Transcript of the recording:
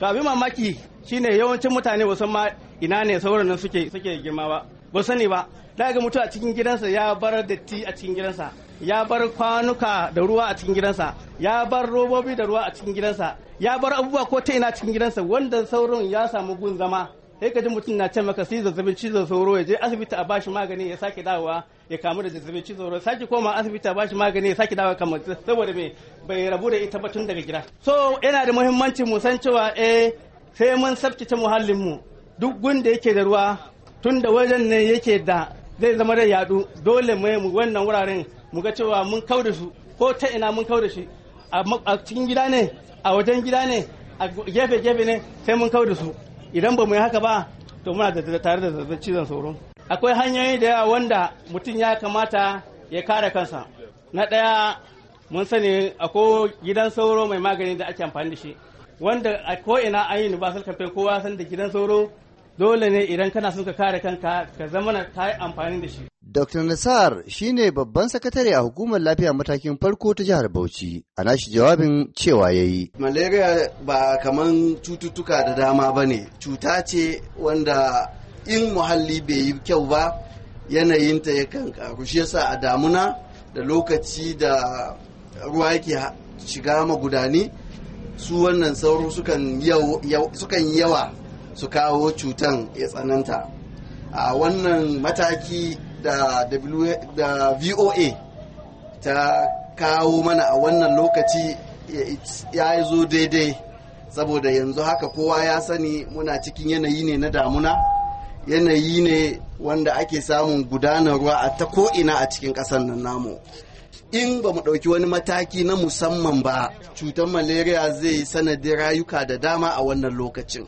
to abin mamaki shine yawancin mutane ba san ma ina ne sauran nan suke suke girma ba ba sani ba da ga mutu a cikin gidansa ya bar datti a cikin gidansa ya bar kwanuka da ruwa a cikin gidansa ya bar robobi da ruwa a cikin gidansa ya bar abubuwa ko ta ina cikin gidansa wanda sauran ya samu gun zama sai ka ji mutum na ce maka sai zazzabin cizon sauro ya je asibiti a bashi magani ya sake dawowa ya kamu da zazzabin cizon sauro sake koma asibiti a bashi magani ya sake dawowa kamar saboda me bai rabu da ita ba tun daga gida so yana da muhimmanci mu san cewa eh sai mun tsaftace muhallin mu duk gunda yake da ruwa tun da wajen ne yake da zai zama da yadu dole mu wannan wuraren mu ga cewa mun kau da su ko ta ina mun kau da shi a cikin gida ne a wajen gida ne a gefe-gefe ne sai mun kau da su idan ba mu yi haka ba to muna da tare da zazzabin cizon sauro akwai hanyoyi da yawa wanda mutum ya kamata ya kare kansa na ɗaya mun sani akwai gidan sauro mai magani da ake amfani da shi wanda a ko'ina an yi universal campaign kowa san da gidan sauro dole ne idan kana son ka kare kanka ka zama na ka yi amfani da shi Dr. Nassar shi ne babban sakatare a hukumar lafiya matakin farko ta jihar Bauchi, a nashi jawabin cewa ya yi. Malaria ba kamar cututtuka da dama ba ne, cuta ce wanda in muhalli bai yi kyau ba yanayinta ya karu shi yasa a damuna da lokaci da ruwa yake shiga magudani su wannan sauro sukan yawa su kawo cutan ya tsananta. A wannan mataki da voa ta kawo mana a wannan lokaci ya zo daidai saboda yanzu haka kowa ya sani muna cikin yanayi ne na damuna yanayi ne wanda ake samun gudanar ruwa a ta ko'ina a cikin ƙasar nan namu in ba mu ɗauki wani mataki na musamman ba cutar malaria zai sanadin rayuka da dama a wannan lokacin